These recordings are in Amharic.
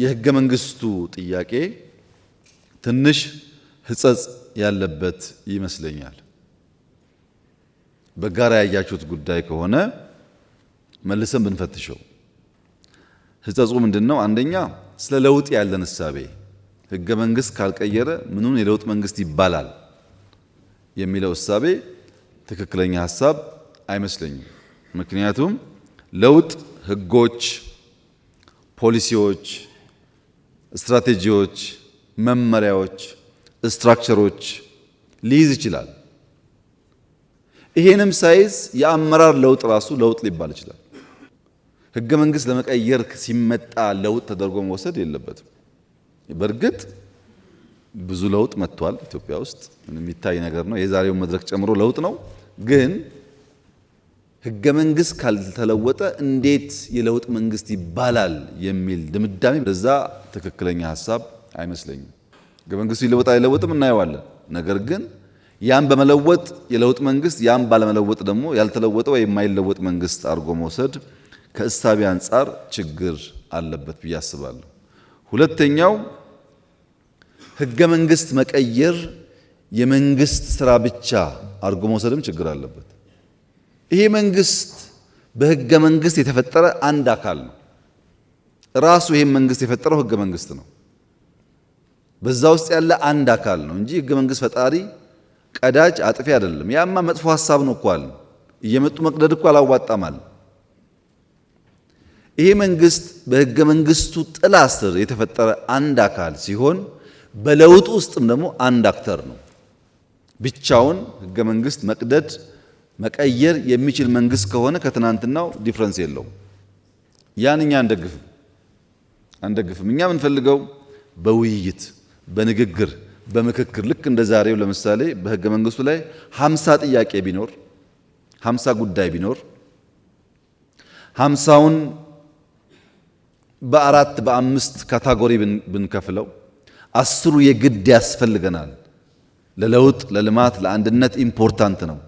የህገ መንግስቱ ጥያቄ ትንሽ ህጸጽ ያለበት ይመስለኛል። በጋራ ያያችሁት ጉዳይ ከሆነ መልሰን ብንፈትሸው ህጸጹ ምንድን ነው? አንደኛ ስለ ለውጥ ያለን እሳቤ ህገ መንግስት ካልቀየረ ምኑን የለውጥ መንግስት ይባላል የሚለው እሳቤ ትክክለኛ ሀሳብ አይመስለኝም። ምክንያቱም ለውጥ ህጎች፣ ፖሊሲዎች ስትራቴጂዎች፣ መመሪያዎች፣ ስትራክቸሮች ሊይዝ ይችላል። ይሄንም ሳይዝ የአመራር ለውጥ ራሱ ለውጥ ሊባል ይችላል። ህገ መንግስት ለመቀየር ሲመጣ ለውጥ ተደርጎ መወሰድ የለበትም። በእርግጥ ብዙ ለውጥ መጥቷል ኢትዮጵያ ውስጥ የሚታይ ነገር ነው። የዛሬውን መድረክ ጨምሮ ለውጥ ነው ግን ህገ መንግስት ካልተለወጠ እንዴት የለውጥ መንግስት ይባላል የሚል ድምዳሜ በዛ ትክክለኛ ሀሳብ አይመስለኝም። ህገ መንግስቱ ይለወጥ አይለወጥም እናየዋለን። ነገር ግን ያም በመለወጥ የለውጥ መንግስት ያን ባለመለወጥ ደግሞ ያልተለወጠ ወይ የማይለወጥ መንግስት አድርጎ መውሰድ ከእሳቤ አንጻር ችግር አለበት ብዬ አስባለሁ። ሁለተኛው ህገ መንግስት መቀየር የመንግስት ስራ ብቻ አድርጎ መውሰድም ችግር አለበት። ይሄ መንግስት በህገ መንግስት የተፈጠረ አንድ አካል ነው። ራሱ ይሄን መንግስት የፈጠረው ህገ መንግስት ነው። በዛ ውስጥ ያለ አንድ አካል ነው እንጂ ህገ መንግስት ፈጣሪ ቀዳጅ አጥፊ አይደለም። ያማ መጥፎ ሀሳብ ነው እኮ አለ እየመጡ መቅደድ እኮ አላዋጣማል። ይሄ መንግስት በህገ መንግስቱ ጥላ ስር የተፈጠረ አንድ አካል ሲሆን በለውጥ ውስጥም ደግሞ አንድ አክተር ነው። ብቻውን ህገ መንግስት መቅደድ መቀየር የሚችል መንግስት ከሆነ ከትናንትናው ዲፍረንስ የለውም። ያን እኛ አንደግፍም አንደግፍም። እኛ የምንፈልገው በውይይት በንግግር በምክክር ልክ እንደ ዛሬው ለምሳሌ በህገ መንግስቱ ላይ ሀምሳ ጥያቄ ቢኖር ሀምሳ ጉዳይ ቢኖር ሀምሳውን በአራት በአምስት ካታጎሪ ብንከፍለው አስሩ የግድ ያስፈልገናል። ለለውጥ ለልማት ለአንድነት ኢምፖርታንት ነው።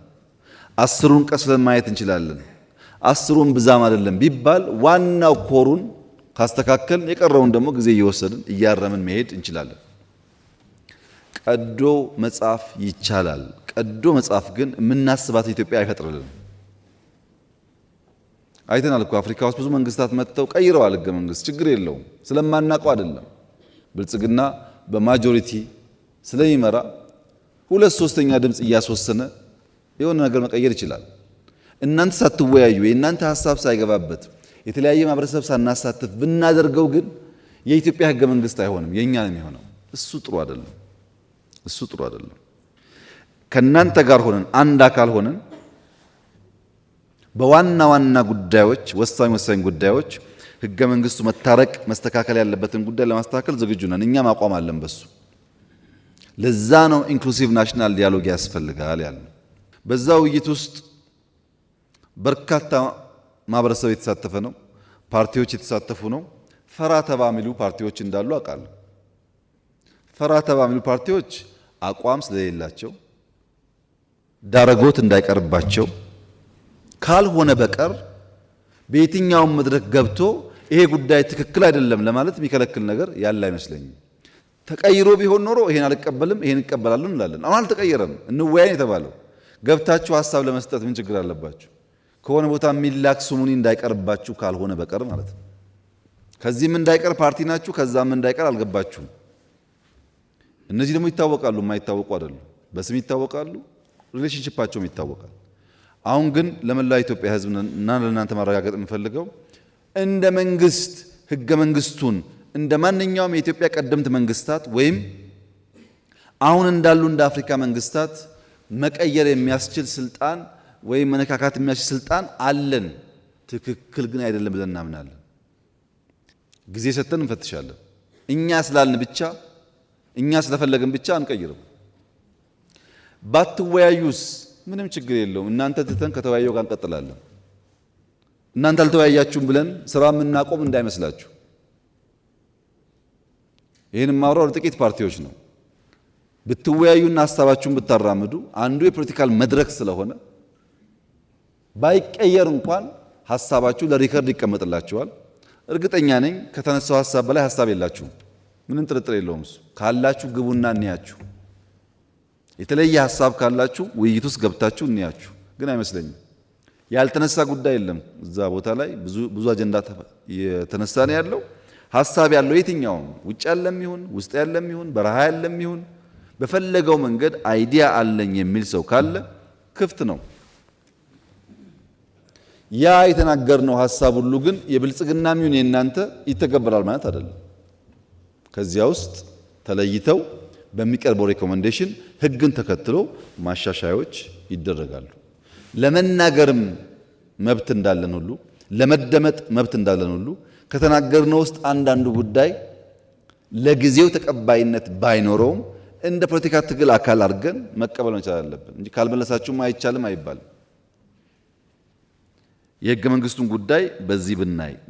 አስሩን ቀስለን ማየት እንችላለን። አስሩን ብዛም አይደለም ቢባል ዋናው ኮሩን ካስተካከልን የቀረውን ደግሞ ጊዜ እየወሰድን እያረምን መሄድ እንችላለን። ቀዶ መጻፍ ይቻላል። ቀዶ መጻፍ ግን የምናስባት ኢትዮጵያ አይፈጥርልንም። አይተናል እኮ አፍሪካ ውስጥ ብዙ መንግስታት መጥተው ቀይረዋል ህገ መንግስት። ችግር የለውም ስለማናውቀው አይደለም። ብልጽግና በማጆሪቲ ስለሚመራ ሁለት ሶስተኛ ድምፅ እያስወሰነ የሆነ ነገር መቀየር ይችላል። እናንተ ሳትወያዩ የእናንተ ሀሳብ ሳይገባበት የተለያየ ማህበረሰብ ሳናሳትፍ ብናደርገው ግን የኢትዮጵያ ህገ መንግስት አይሆንም፣ የእኛ ነው እሱ ጥሩ አይደለም። እሱ ጥሩ አይደለም። ከእናንተ ጋር ሆነን አንድ አካል ሆነን በዋና ዋና ጉዳዮች፣ ወሳኝ ወሳኝ ጉዳዮች ህገ መንግስቱ መታረቅ መስተካከል ያለበትን ጉዳይ ለማስተካከል ዝግጁ ነን። እኛም አቋም አለን በሱ። ለዛ ነው ኢንክሉሲቭ ናሽናል ዲያሎግ ያስፈልጋል ያለ በዛ ውይይት ውስጥ በርካታ ማህበረሰብ የተሳተፈ ነው። ፓርቲዎች የተሳተፉ ነው። ፈራ ተባ የሚሉ ፓርቲዎች እንዳሉ አውቃለሁ። ፈራ ተባ የሚሉ ፓርቲዎች አቋም ስለሌላቸው ዳረጎት እንዳይቀርባቸው ካልሆነ በቀር በየትኛውም መድረክ ገብቶ ይሄ ጉዳይ ትክክል አይደለም ለማለት የሚከለክል ነገር ያለ አይመስለኝም። ተቀይሮ ቢሆን ኖሮ ይሄን አልቀበልም፣ ይሄን እቀበላለሁ እንላለን። አሁን አልተቀየረም። እንወያይ የተባለው ገብታችሁ ሀሳብ ለመስጠት ምን ችግር አለባችሁ? ከሆነ ቦታ የሚላክ ስሙኒ እንዳይቀርባችሁ ካልሆነ በቀር ማለት ነው። ከዚህም እንዳይቀር ፓርቲ ናችሁ፣ ከዛም እንዳይቀር አልገባችሁም። እነዚህ ደግሞ ይታወቃሉ፣ የማይታወቁ አይደሉም። በስም ይታወቃሉ፣ ሪሌሽንሽፓቸውም ይታወቃል። አሁን ግን ለመላ ኢትዮጵያ ሕዝብ እና ለእናንተ ማረጋገጥ የምፈልገው እንደ መንግስት ህገ መንግስቱን እንደ ማንኛውም የኢትዮጵያ ቀደምት መንግስታት ወይም አሁን እንዳሉ እንደ አፍሪካ መንግስታት መቀየር የሚያስችል ስልጣን ወይም መነካካት የሚያስችል ስልጣን አለን። ትክክል ግን አይደለም ብለን እናምናለን። ጊዜ ሰጥተን እንፈትሻለን። እኛ ስላልን ብቻ እኛ ስለፈለግን ብቻ አንቀይርም። ባትወያዩስ ምንም ችግር የለውም። እናንተ ትተን ከተወያየው ጋር እንቀጥላለን። እናንተ አልተወያያችሁም ብለን ስራ የምናቆም እንዳይመስላችሁ። ይህን ማውራው ጥቂት ፓርቲዎች ነው። ብትወያዩና ሀሳባችሁን ብታራምዱ አንዱ የፖለቲካል መድረክ ስለሆነ ባይቀየር እንኳን ሀሳባችሁ ለሪከርድ ይቀመጥላችኋል። እርግጠኛ ነኝ ከተነሳው ሀሳብ በላይ ሀሳብ የላችሁም። ምንም ጥርጥር የለውም። እሱ ካላችሁ ግቡና እንያችሁ። የተለየ ሀሳብ ካላችሁ ውይይት ውስጥ ገብታችሁ እንያችሁ። ግን አይመስለኝም ያልተነሳ ጉዳይ የለም። እዛ ቦታ ላይ ብዙ ብዙ አጀንዳ የተነሳ ነው ያለው። ሀሳብ ያለው የትኛውም ውጭ ያለም ይሁን ውስጥ ያለም ይሁን በረሃ ያለም ይሁን በፈለገው መንገድ አይዲያ አለኝ የሚል ሰው ካለ ክፍት ነው። ያ የተናገርነው ሀሳብ ሁሉ ግን የብልጽግና ሚሆን የእናንተ ይተገበራል ማለት አይደለም። ከዚያ ውስጥ ተለይተው በሚቀርበው ሬኮመንዴሽን ህግን ተከትሎ ማሻሻያዎች ይደረጋሉ። ለመናገርም መብት እንዳለን ሁሉ ለመደመጥ መብት እንዳለን ሁሉ ከተናገርነው ውስጥ አንዳንዱ ጉዳይ ለጊዜው ተቀባይነት ባይኖረውም እንደ ፖለቲካ ትግል አካል አድርገን መቀበል መቻል አለብን እንጂ ካልመለሳችሁም አይቻልም አይባልም። የህገ መንግስቱን ጉዳይ በዚህ ብናይ